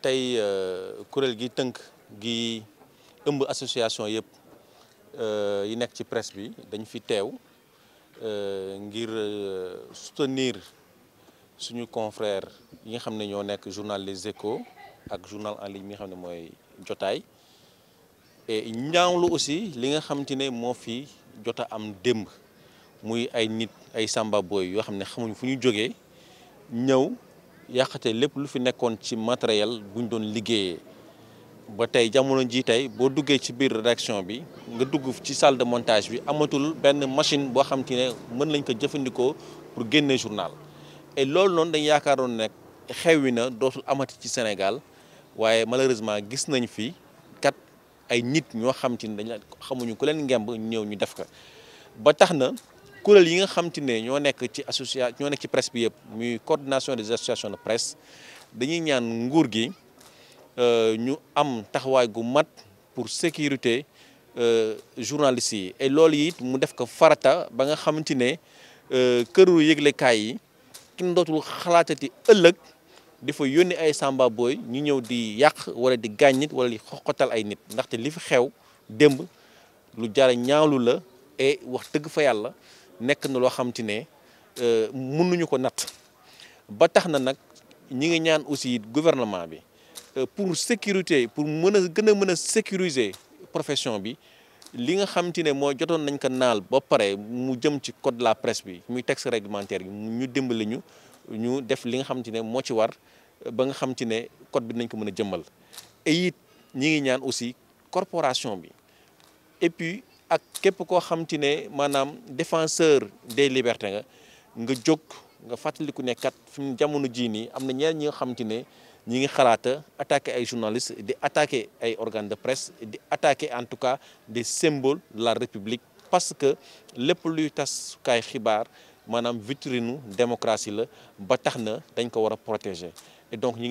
tay euh, kurel gi teunk gi ëmb association yep euh yi nek ci presse bi dañ fi tew euh ngir euh, soutenir suñu confrères yi nga xam ñoo nek journal Les Échos ak journal en ligne mi xamné moy jotay et ñaawlu aussi li nga xam te ne fi jot am demb muy ay nit ay samba boy yo xamné xamuñ fuñu joggé ñew yàqate lépp lu fi nekkoon ci matériel bu ñu doon liggéeyee ba tey jamono ji tey boo duggee ci biir rédaction bi nga dugg ci salle de montage bi amatul benn machine boo xam ne mën nañ ko jëfandikoo pour génne journal et loolu noonu dañ yaakaaroon ne xewwi na dootul amati ci Sénégal waaye malheureusement gis nañ fi kat ay nit ñoo xam te ne dañ xamuñu ku leen ngemb ñëw ñu def ka ba tax na kuréel yi nga xam ne ñoo nekk ci association ñoo nekk ci presse bi yëpp muy coordination des associations de presse dañuy ñaan nguur gi euh, ñu am taxawaay gu mat pour sécurité euh, journalistes yi e lool it mu def ko farata ba nga xamante ne euh, këru yëglekaay yi kenn dootul xalaatati ëllëg di fa yónni ay samba ñu ñëw di yàq wala di gaañ nit wala di xoqatal ay nit ndaxte li fi xew démb lu jar ñaawlu la et wax dëgg fa yàlla nekk na loo xam te ne euh, mënuñu ko natt ba tax na nag ñi ngi ñaan aussi gouvernement bi euh, pour sécurité pour mën a gën a mën a sécuriser profession bi li nga xam ne moo jotoon nañ ko naal ba pare mu jëm ci code la presse bi muy texte réglementaire bi ñu dimbali ñu ñu def li nga xam ne moo ci war euh, ba nga xam te ne code bi nañ ko mën a jëmmal it ñi ngi ñaan aussi corporation bi képp koo xam défenseur des libertés nga nga jóg nga fi jamono attaquer journalistes di attaquer organes de presse di attaquer en tout cas des symboles de la République parce que lépp luy important, xibaar maanaam vitrine démocratie la ba tax dañ protéger et donc ñi